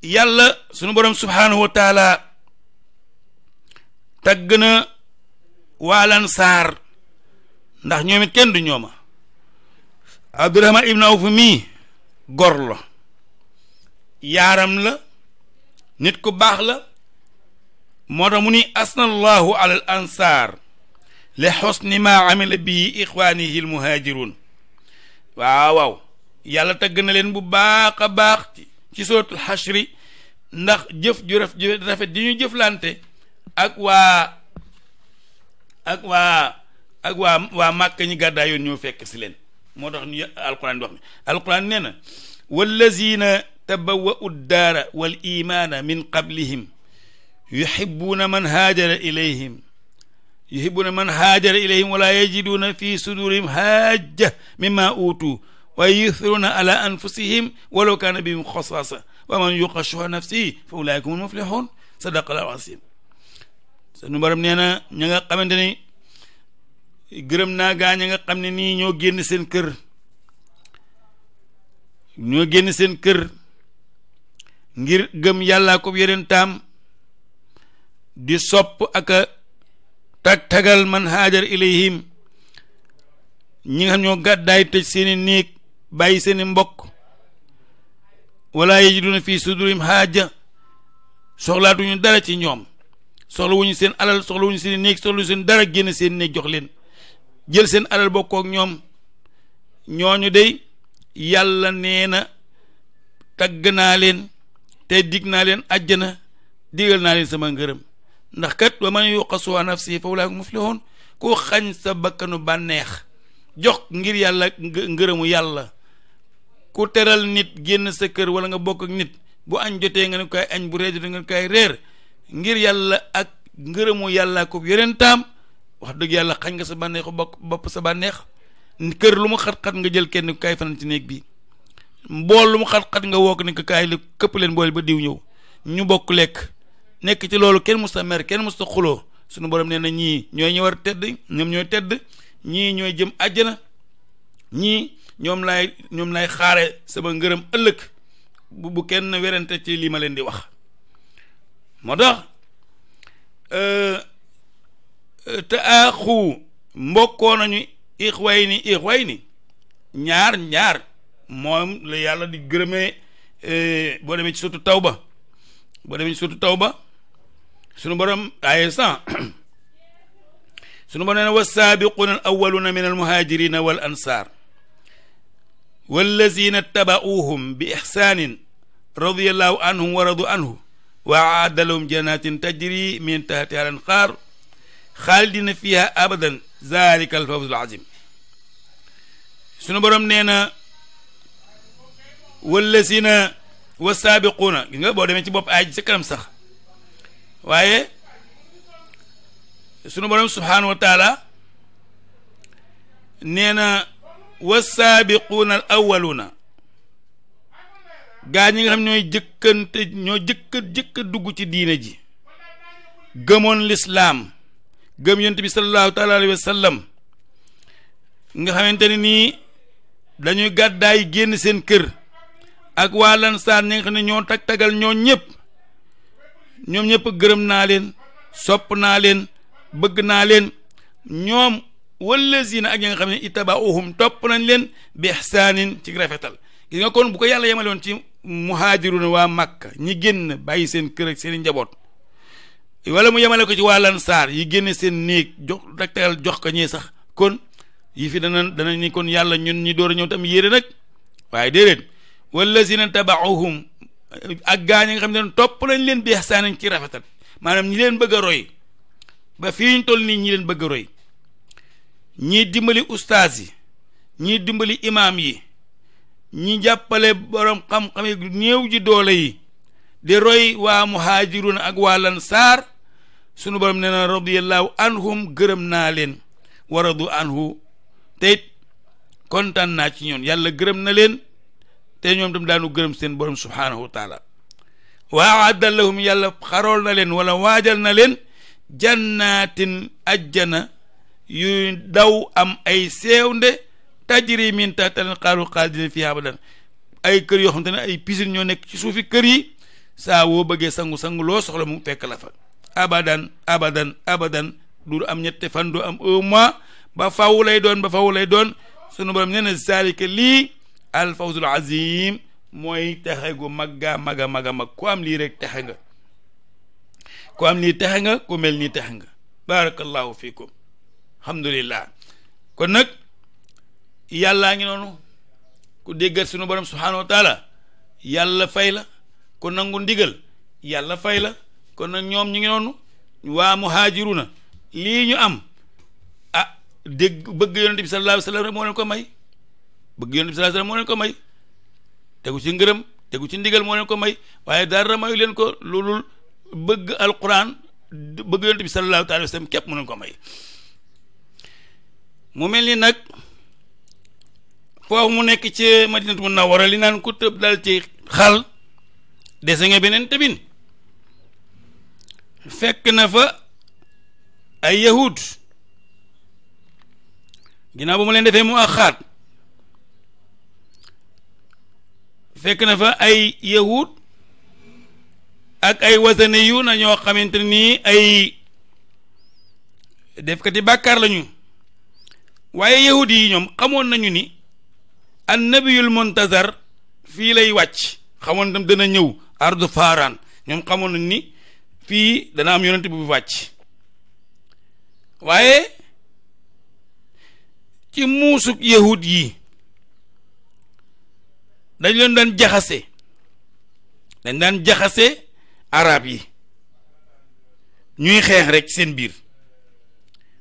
yàlla sunu borom subhanahu wa taala waalan saar ndax ñoom it kenn du ñooma abdurahman ibn awf mii gor la yaaram la nit ku baax la moo mu ni asnallahu ala al ansaar li xusni ma amila bii ixwaanihi l muhaajiruun waaw waaw na leen bu baax a baax ci suratul xashri ndax jëf ju rafet di ñu jëflante ak waa ak waa ak waa waa màkk ñi gàddaa yoon ñoo fekk si leen moo tax ñu alquran di wax ne alquran nee na wallazina tabawwa'u ddaara wal imaana min qablihim yuhibbuuna man haajara ilayhim yuhibbuuna man haajara ilayhim wala yajiduuna fi sudurihim haaja mimma uutu wa yuthiruna ala anfusihim walaw kaana bihim xasaasa wa man yuqa shuha nafsihi fa ulaika humul muflihun sadaqa llahu azim sunu borom nee na ña nga xamante ni gërëm naa gaa ña nga xam ne nii ñoo génn seen kër ñoo génn seen kër ngir gëm yàllaa ko yonentam di sopp ak a tag tagal man haajar ilayhim ñi nga xam ñoo gàddaay tëj seeni néeg bàyyi seeni mbokk wala yajiduna fi sudurihim haaja soxlaatuñu dara ci ñoom soxla wuñu seen alal soxla wuñu seen néeg soxla wuñu seen dara génn seen néeg jox leen jël seen alal bokkoo ak ñoom ñu day yàlla nee na tagg naa leen te digg naa leen àjjana digal naa leen sama ngërëm ndax kat wa man si suwa nafsihi fa ulaa'ika muflihuun ku xañ sa bakkanu bànneex jox ngir yàlla ngërëmu yàlla ku teral nit génn sa kër wala nga bokk ak nit bu añ jotee nga ne kaay añ bu reer jotee nga ne kaay reer ngir yàlla ak ngërëmu yàlla ko yonentam wax dëgg yàlla xañ nga sa bànneexu bokk bopp sa bànneex kër lu mu xat-xat nga jël kenn ku kaay fanaan ci néeg bi mbool lu mu xat-xat nga woo ko ko kaay li këpp leen boole ba diw ñëw ñu bokk lekk nekk ci loolu kenn sa mer kenn sa xuloo suñu borom nee na ñii ñooy ñu war tedd ñoom ñooy tedd ñii ñooy jëm àjjana ñii ñoom lay ñoom laay xaare sama ngërëm ëllëg bu bu kenn werante ci lii ma leen di wax moo tax euh, euh, te aaxu mbokkoo nañu ixway ni ixway ni ñaar ñaar moom la yàlla di gërëmee euh, boo demee ci surtout tawba boo demee ci surtout tawba sunu borom ay cent sunu borom nee na wassaabiquuna al awwaluuna min al muhaajirina wal ansaar wallazina tabauhum bi ixsaanin radiallahu anhum wa radu anhu wa aadda lahum jannatin tajri min tahtiha al anhar xaalidina fiha abadan zalika al fawzul azim sunu borom nee na wallazina wasaabiquuna gis nga boo demee ci bopp aay ji sa kanam sax waaye sunu borom subhaanahu wa taala nee na wasaabiquuna al awaluuna gaa ñi nga xam ñooy jëkkante ñoo jëkka jëkka dugg ci diine ji gëmoon lislaam gëm yonent bi sallallahu taala alayhi wa sallam nga xamante ne nii dañuy gàddaay génn seen kër ak waa Lansar ñi nga xam ne ñoo tag tagal ñoo ñëpp ñoom ñëpp gërëm naa leen sopp naa leen bëgg naa leen ñoom wallazina ak ñi nga xam ne itabauhum topp nañ leen bi ihsaanin ci rafetal gis nga kon bu ko yàlla yemale ci ci muhaajiruna waa Makka ñi génn bàyyi seen kër ak seen njaboot wala mu yemale ko ci waa lansaar yi génne seen néeg jox daktal jox ko ñee sax kon yi fi dana dana ni kon yàlla ñun ñi door a ñëw tam yére nag waaye déedéet wallazina tabaauhum ak gaa ñi nga xam ne topp nañ leen bi ihsaanin ci rafetal maanaam ñi leen bëgg a roy ba fii ñu toll nii ñi leen bëgg a roy ñii dimbali ustaas yi ñii dimbali imaam yi ñi jàppale borom xam-xam yi néew ji doole yi di roy waa muhaajirun ak waa lansaar sunu borom nee na radiyallahu anhum gërëm naa leen waradu anhu te it kontaan naa ci ñoon yàlla gërëm na leen te ñoom tam daanu gërëm seen borom subhaanahu wa taala wa lahum yàlla xarool na leen wala waajal na leen jannaatin ajjana yu daw am ay seewnde tajri min tahtal anhaaru xaalidina fiihaa abadan ay kër yoo xam te ne ay piscine ñoo nekk ci suufi kër yi saa woo bëggee sangu sangu loo soxla mu fekk la fa abadan abadan abadan du am ñette fan du am un mois ba faw doon ba faw doon sunu borom nee na zalika lii al fawzul azim mooy texe gu magga magga magga mag ku am lii rek texe nga ku am lii texe nga ku mel nii texe nga barakallahu fiikum alhamdulillah kon yàllaa ngi noonu ku déggal sunu borom subhaanahu wa yàlla fay la ku nangu ndigal yàlla fay la kon nag ñoom ñu ngi noonu waa na lii ñu am a ah, dégg bëgg yonent bi sallallahu alayhi wa moo leen ko may bëgg yonent bi sallallahu ko may tegu ci ngërëm tegu ci ndigal moo leen ko may waaye dara mayu leen ko loolul bëgg alquran bëgg yonent bi sallallahu alayhi wa sallam képp mu leen ko may mu mel ni nag foofu mu nekk ci madinatu munawwara li naan ku tëb dal ci xal dese beneen tëbin fekk na fa ay yahud ginaaw ba mu leen defee mu axaat fekk na fa ay yahud ak ay wasane yu na ñoo xamante nii ay def defkati bàkkaar lañu waaye yahud yi ñoom xamoon nañu ni annabiyul muntazar fii lay wàcc xamoon tam dana ñëw ardu faaraan ñoom xamoon na ni fii dana am yonent bu wàcc waaye ci muusug yahud yi dañ leen daan jaxase dañ daan jaxase araab yi ñuy xeex rek seen biir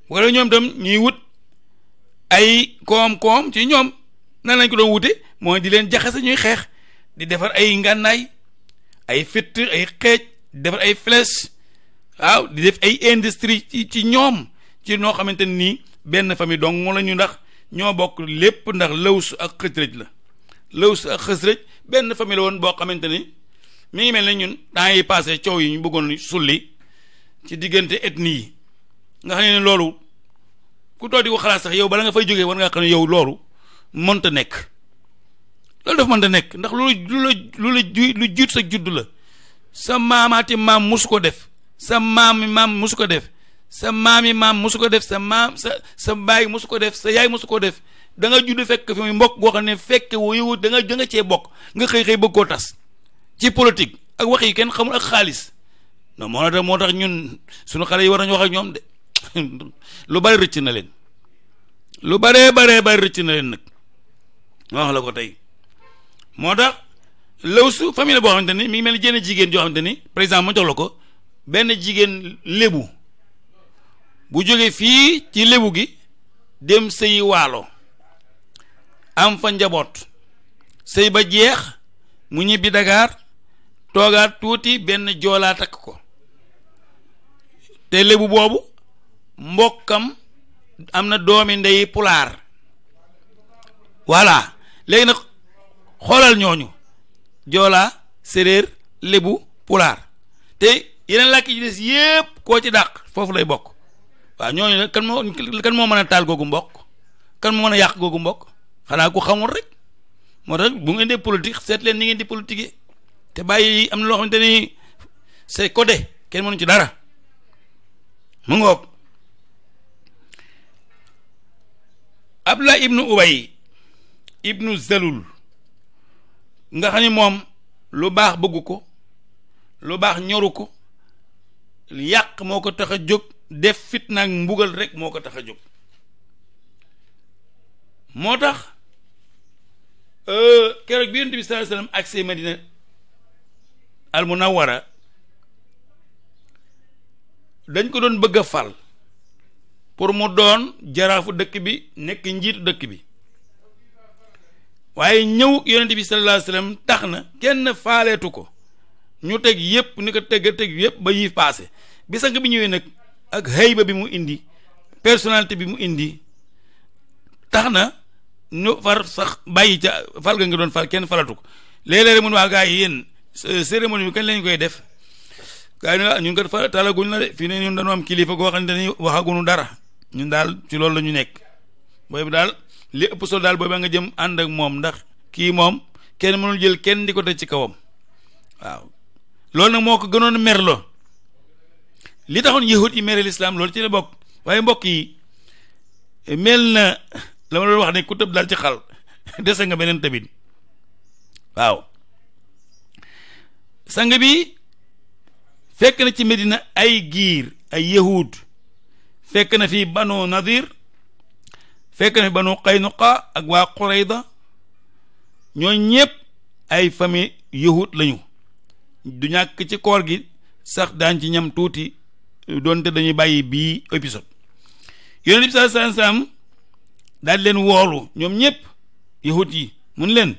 wala ñoom tam ñuy wut ay koom-koom ci ñoom nan lañ ko doon wute mooy di leen jaxase ñuy xeex di defar ay ngànnaay ay fitt ay xeej di defar ay flèche waaw di def ay industrie ci ci ñoom ci noo xamante nii benn famille dong moo la ñu ndax ñoo bokk lépp ndax lawsu ak xësrëj la lawsu ak xësrëj benn famille la woon boo xamante ni mi ngi mel ne ñun temps yi passé coow yi ñu bëggoon sulli ci diggante ethnie yi nga xam ne loolu ku toog di ko xalaat sax yow bala nga fay jógee war ngaa xam ne yow loolu mënta nekk loolu daf mënta nekk ndax lu la lu la lu jiit sa judd la sa maamaati maam musu ko def sa maami maam musu ko def sa maami maam musu ko def sa maam sa sa baay musu ko def sa yaay musu ko def da nga judd fekk fi muy mbokk goo xam ne fekk wuyu da nga da nga cee bokk nga xëy xëy bëgg koo tas ci politique ak wax yi kenn xamul ak xaalis non moo tax moo tax ñun sunu xale yi war nañu wax ak ñoom de lu bari rëcc na leen lu baree baree bari rëcc na leen nag ma wax la ko tey moo tax lawsu famille la boo xamante ni mi ngi mel ni jenn jigéen joo xamante ni par exemple ma la ko benn jigéen lébu bu jógee fii ci lébu gi dem sëyi waalo am fa njaboot sëy ba jeex mu ñibbi Dakar toogaat tuuti benn joolaa takk ko te lébu boobu mbokkam am na doomi ndey pulaar voilà léegi nag xoolal ñooñu joola séréer lébu pulaar te yeneen làkk yi des yépp koo ci dàq foofu lay bokk waaw ñooñu nag kan moo kan moo man a taal googu mbokk kan moo mën a yàq googu mbokk xanaa ku xamul rek moo tax bu ngeen dee politique seet leen ni ngeen di politique te bàyyi am na loo xamante ni c'est codé kenn mënu ci dara mu ngoog Abdullah ibnu Ubay ibnu zelul nga xam ni moom lu baax bëggu ko lu baax ñoru ko yàq moo ko tax a jóg def fitna ak mbugal rek moo ko tax a jóg moo tax euh, keroog bi yonent bi sallallahu alayhi wasallam agsee Madina al munawwara dañ ko doon bëgg a fal pour mu doon jaraafu dëkk bi nekk njiit dëkk bi waaye ñëw yonent bi sallallahu alayhi wasallam tax na kenn faaleetu ko ñu teg yëpp ni ko teg a teg yëpp ba yi paase bi sang bi ñëwee nag ak hayba bi mu indi personnalité bi mu indi tax na ñu far sax bàyyi ca fal ga nga doon fal kenn falatu ko léeg-léeg mun waa gaa yi yéen cérémonie bi kañ lañ koy def gaa yi ah, ñun kat fa talaguñ na de fii ne ñun dañu am kilifa goo xam ne dañuy waxaguñu dara ñun daal ci loolu la ñu nekk booy bi daal li ëpp solo daal boobaa nga jëm ànd ak moom ndax kii moom kenn mënul jël kenn di ko teg ci kawam waaw loolu nag moo ko gënoon merloo li taxoon yahut yi mere lislaam loolu ci la bokk waaye mbokk yi mel na la ma doon wax ne ku tëb daal ci xal dese nga beneen tabit waaw sang bi fekk na ci Medina ay giir ay yahut fekk na fi banu nadir fekk na fi banu Qaynuqa ak waa Qurayda ñoo ñëpp ay famille yahud lañu du ñàkk ci koor gi sax daañ ci ñam tuuti doonte dañuy bàyyi bii épisode yonent bi saa salam salam leen woolu ñoom ñëpp yahut yi mun leen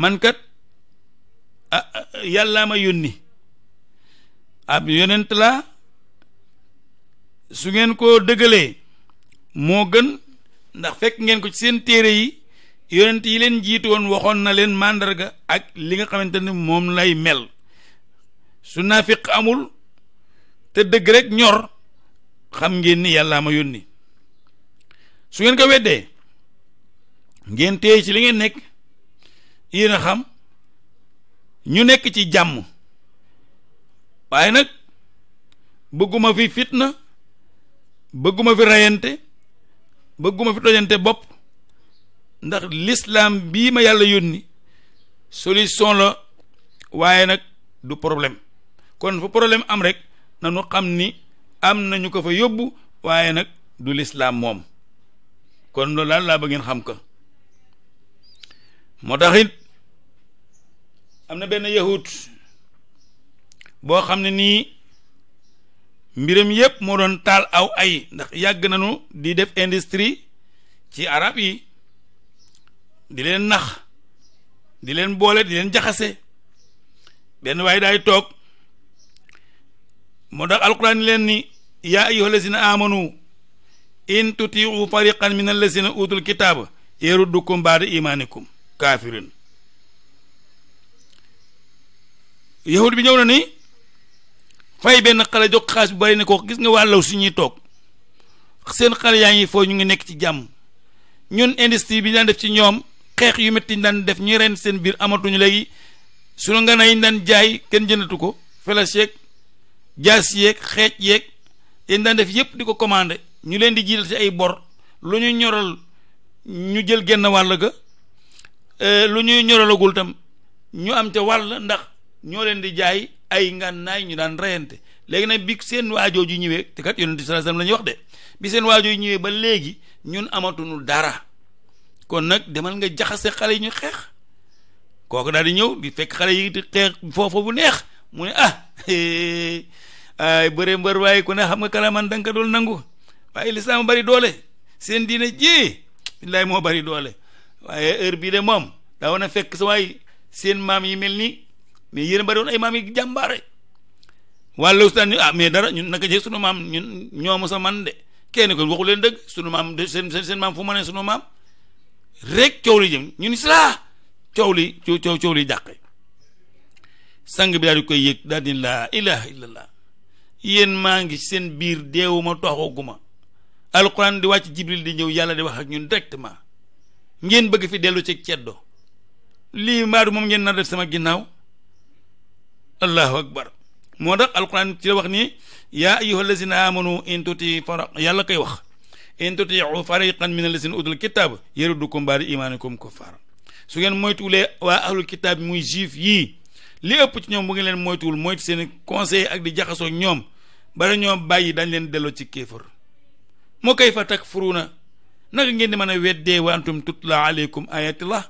man kat yàllaa ma yónni ab yonent laa su ngeen ko dëggalee moo gën ndax fekk ngeen ko ci seen téere yi yonent yi leen jiitu woon waxoon na leen màndarga ak li nga xamante ne moom lay mel su naafiq amul te dëgg rekk ñor xam ngeen ni yàllaa ma yónni su ngeen ko weddee ngeen téye ci li ngeen nekk yéen a xam ñu nekk ci jàmm waaye nag bëgguma fi fitna bëgguma fi rayante bëgguma fi dojante bopp ndax l'islam bii ma yàlla yónni solution la waaye nag du problème kon fu problème am rek na nanu xam ni am nañu ko fa yóbbu waaye nag du l'islam moom kon loolu daal laa bëgg ngeen xam ko moo tax am na benn yahut boo xam ne nii mbiram yépp moo doon taal aw ay ndax yàgg nañu di def industrie ci arab yi di leen nax di leen boole di leen jaxase benn waaye daay toog moo tax alquran leen ni yaa ayyuha allazina amanu in tutiu fariqan min allazina utul kitaaba yeruddukum baada imanikum kaafirin yahud bi ñëw na ni fay benn xale jox xaas bu bari ne ko gis nga wàllaw su ñuy toog seen xale yaa ngi foo ñu ngi nekk ci jàmm ñun industrie bi ñu daan def ci ñoom xeex yu métti ñu daan def ñu ren seen biir amatuñu léegi suñu nga ne ñu jaay kenn jëndatu ko felas yeeg jaas yeeg xeej yeeg yéen def yépp di ko commandé ñu leen di jiital ci ay bor lu ñuy ñorol ñu jël genn wàll ga euh, lu ñuy ñoralagul tam ñu am ca wàll ndax ñoo leen di jaay ay ngànnaay ñu daan reyante léegi na bi seen waajoo ju ñëwee te kat yonent bi sallallahu alayhi wasallam wax de bi seen waajoo ju ñëwee ba léegi ñun amatuñu dara kon nag demal nga jaxase xale yi ñu xeex kooku daal di ñëw di fekk xale yi di xeex foofa bu neex mu ne ah ay bëre mbër waaye ku ne xam nga kalaman da nga ko doon nangu waaye lislaam bari doole seen diine ji billaay moo bari doole waaye heure bii de moom daa wan fekk sa seen maam yi nii mais yéen a bëri woon ay maam yi jàmbaare wàllu ustaan ah mais dara ñun naka jee sunu maam ñun ñoomu sa man de kenn ko waxu leen dëgg sunu maam de seen seen maam fu ma ne sunu maam rek coow li jëm ñun si laa coow li li jàq sang bi daal di koy daal di laa ilaha illallah yéen maa ngi seen biir deewuma toxaguma alquran di wàcc jibril di ñëw yàlla di wax ak ñun directement ngeen bëgg fi dellu ci ceddo lii mbaa du moom ngeen nar def sama ginnaaw allahu akbar moo tax alquran ci la wax nii yaa ayuha allazina amanu in tuti fara yàlla koy wax in tutiu fariqan min allazina utul kitaab yarudukum baadi imaanikum kuffaar su ngeen moytuwulee waa ahlul kitaab muy juif yii li ëpp ci ñoom bu ngeen leen moytuwul moytu seen conseil ak di jaxasoo ñoom bare ñoom bàyyi dañ leen delloo ci kéefër moo kay fa takfuruuna naka ngeen di mën a weddee wa antum tutla aleykum ayatillah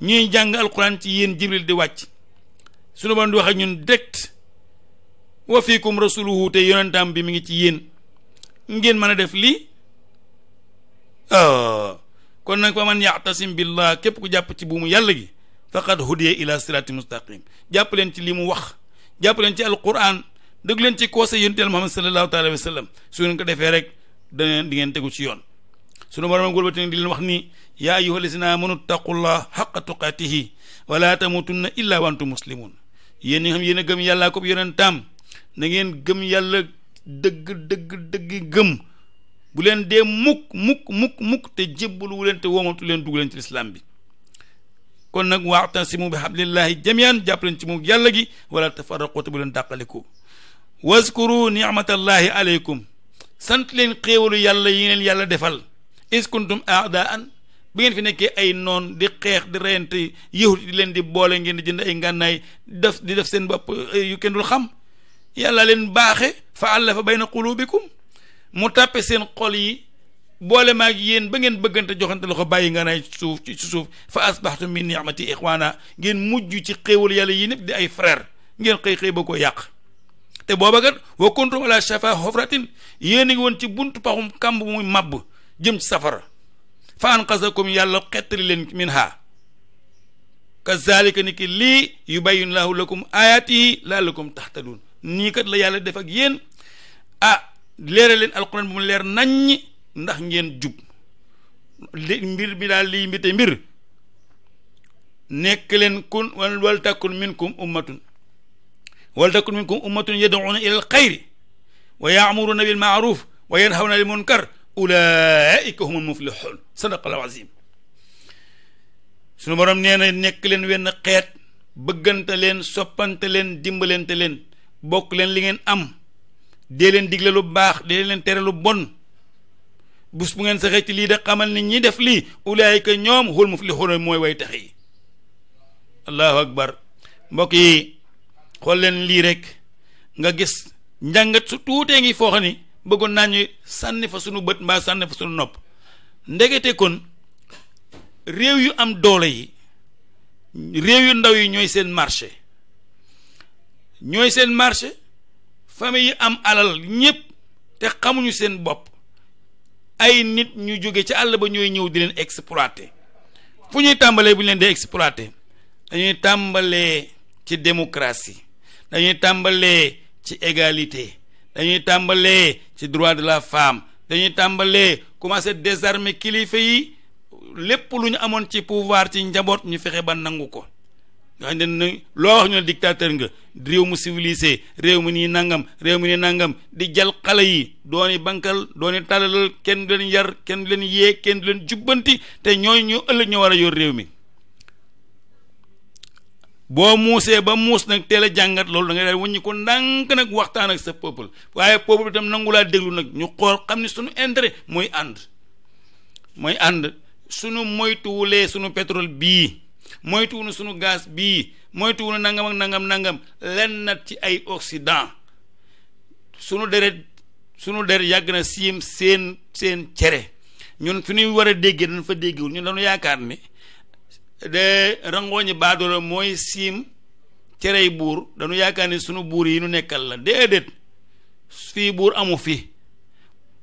ñuy jàng alquran ci yéen jibril di wàcc sunu borom di wax ak ñun direct wa fiikum rasuluhu te yonentaam bi mi ngi ci yéen ngeen mën a def lii ah. kon nag fa man yaxtasim billah képp ku jàpp ci buumu yàlla gi faqad hudiya ila sirati jàpp leen ci li mu wax jàpp leen ci alquran dëgg leen ci koose yonenteel Muhammad sallallahu taala wa sallam defee rek dangeen di ngeen ci yoon sunu borom gulbati di leen wax ni yaa ayyuha lazina amanu ttaqullah xaqa tuqaatihi wala illa wa antum muslimun yéen ñi xam yéen a gëm yàllaa ko yonentam na ngeen gëm yàlla dëgg dëgg dëgg gëm bu leen dee mukk mukk mukk mukk te jébbalu wu leen te woomatu leen dugg leen ci lislaam bi kon nag wa'tasimu bi hablillahi jamian jàpp leen ci moom yàlla gi wala tafarraqu te bu leen dàqaliko waskuru ni'matallahi aleykum sant leen xéewalu yàlla yi leen yàlla defal is kuntum aadaan bi ngeen fi nekkee ay noon di xeex di reyante yahut di leen di boole ngeen di jënd ay ngànnaay def di def seen bopp euh, yu kenn dul xam yàlla leen baaxe fa allafa bayna qulubikum mu tàppe seen xol yi boole maag yéen ba ngeen bëggante joxante loxo bàyyi nga naay suuf ci suuf fa asbaxtum min ni'mati ixwaana ngeen mujj ci xéewal yàlla yi ñëpp di ay frère ngeen xëy xëy ba ko yàq te booba kat wa kuntum ala shafa hufratin yéen ngi woon ci bunt paxum kàmb màbb jëm ci safara fa anqasakum yàlla xettali leen min ha kazalika ni ki lii yubayyinu laahu lakum ayaatihi laallakum taxtaduun nii kat la yàlla def ak yéen ah leeral leen alquran bu mu leer naññ ndax ngeen jub mbir mi daal lii mbite mbir nekk leen kun wal takun minkum ummatun wal takun minkum ummatun yad'uuna ilal xayri wa ya'muruuna bil ma'ruuf wa yanhawna anil munkar ulaika humul muflihun sadaqallahu azim suñu borom nee na nekk leen wenn xeet bëggante leen soppante leen dimbalante leen bokk leen li ngeen am dee leen digle lu baax dee leen tere lu bon bus bu ngeen saxee ci lii de xamal ni ñi def lii ulaayika ñoom xul muflixuuna mooy way tax yi allahu akbar mbokk yi xool leen lii rek nga gis njàngat su tuutee ngi foo xam bëggoon naa ñu sànni fa sunu bët mbaa sànni fa sunu nopp ndegete kon réew yu am doole yi réew yu ndaw yi ñooy seen marché ñooy seen marché famille yi am alal ñépp te xamuñu seen bopp ay nit ñu jóge ci àll ba ñooy ñëw di leen exploité fu ñuy tàmbalee bi leen dee exploité dañuy tàmbalee ci démocratie dañuy tàmbalee ci égalité dañuy tàmbalee ci droit de la femme dañuy tàmbalee commencé désarmer kilifa yi lépp lu ñu amoon ci pouvoir ci njaboot ñu fexe ba nangu ko nga xam ne loo wax ñu ne dictateur nga réew mu civilisé réew mu nii nangam réew mu nii nangam di jal xale yi dooni bankal dooni talalal kenn du leen yar kenn du leen yee kenn du leen jubbanti te ñooy ñu ëllëg ñoo war a yor réew mi boo muusee ba muus nag teel a jàngat loolu da ngay daal wëññi ko ndànk nag waxtaan ak sa peuple waaye peuple itam nangu laa déglu nag ñu xool xam ni suñu intérêt mooy ànd mooy ànd suñu moytuwulee suñu pétrole bii moytuwu na suñu gaz bii moytuwunu nangam ak nangam nangam len nat ci ay Occident suñu deret suñu deret yàgg na siim seen seen cere ñun fi ñuy war a déggee dañ fa déggewul ñun dañu yaakaar ni de rangooñi baadoola mooy siim cerey buur dañu yaakaar ni sunu buur yi nu nekkal la déedéet fii buur amu fi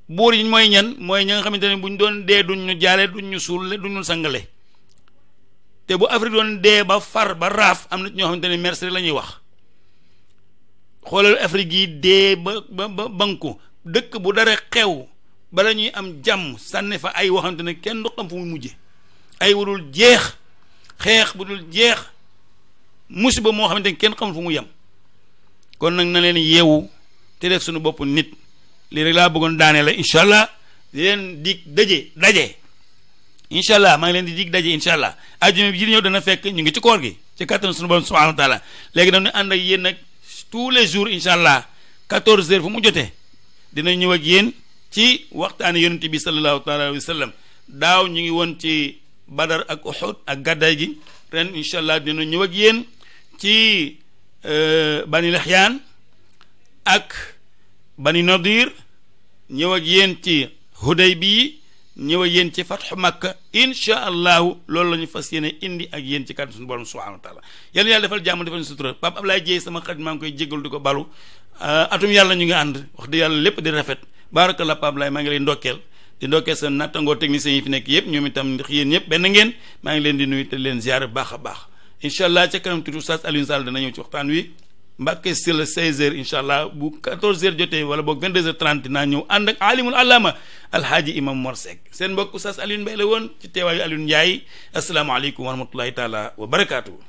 buur yi mooy ñan mooy ña nga xamante ne bu doon dee duñ ñu jaale duñ ñu suul du ñu sangale te bu Afrique doon dee ba far ba raaf am na ñoo xamante ne merce lañuy wax xoolal Afrique yi dee ba ba ba banku dëkk bu dara xew bala ñuy am jàmm sànni fa ay waxante ne kenn du xam fu muy mujje ay warul jeex xeex bu dul jeex musiba moo xam ni kenn xamul fu mu yem kon nag na leen yeewu te def sunu bopp nit lii rek laa bëggoon daane la incha allah di leen dig daje daje incha allah maa ngi leen di dig daje incha allah yi bi ji ñëw dana fekk ñu ngi ci koor gi ci kattan suñu borom subhanahu wa taala léegi dañu ànd ak yéen nag tous les jours incha allah 14 heures fu mu jotee dina ñëw ak yéen ci waxtaan yonente bi sallallahu taala alayhi daaw ñu ngi woon ci badar ak uxud ak gàddaay gi ren incha allah dina ñëw ak yéen ci euh, bani lexyaan ak bani nadir ñëw ak yéen ci huday bii ñëw ak yéen ci fatxu makka incha allahu loolu la ñu fas yéene indi ak yéen ci kàddu suñu borom subhanahu wa taala yéen yàlla defal jàmm defal ñu sutura Pape Ablaye sama xarit maa ngi koy jégal di ko balu euh, atum ñu ngi ànd wax dëgg yàlla lépp di rafet baarakallah Pape Ablaye maa ngi lay ndokkeel di ndokkee sa nattangoo techniciens yi fi nekk yëpp ñoom itam ndax yéen ñëpp benn ngeen maa ngi leen di nuyu te leen ziar bu baax a baax incha allah ca kanam tuuti Oustaz Alioune Sall dana ñëw ci waxtaan wi Mbàkke si la 16h incha allah bu 14h jotee wala boog 22h30 naa ñëw ànd ak alimul allama alhaaji imam Mor Seck seen mbokk Oustaz Alioune Mbaye la woon ci teewaayu Alioune Ndiaye asalaamaaleykum wa rahmatullahi taala wa barakaatu.